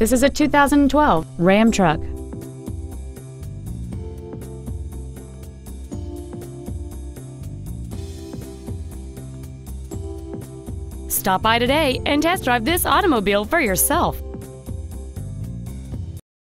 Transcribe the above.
This is a 2012 Ram truck. Stop by today and test drive this automobile for yourself.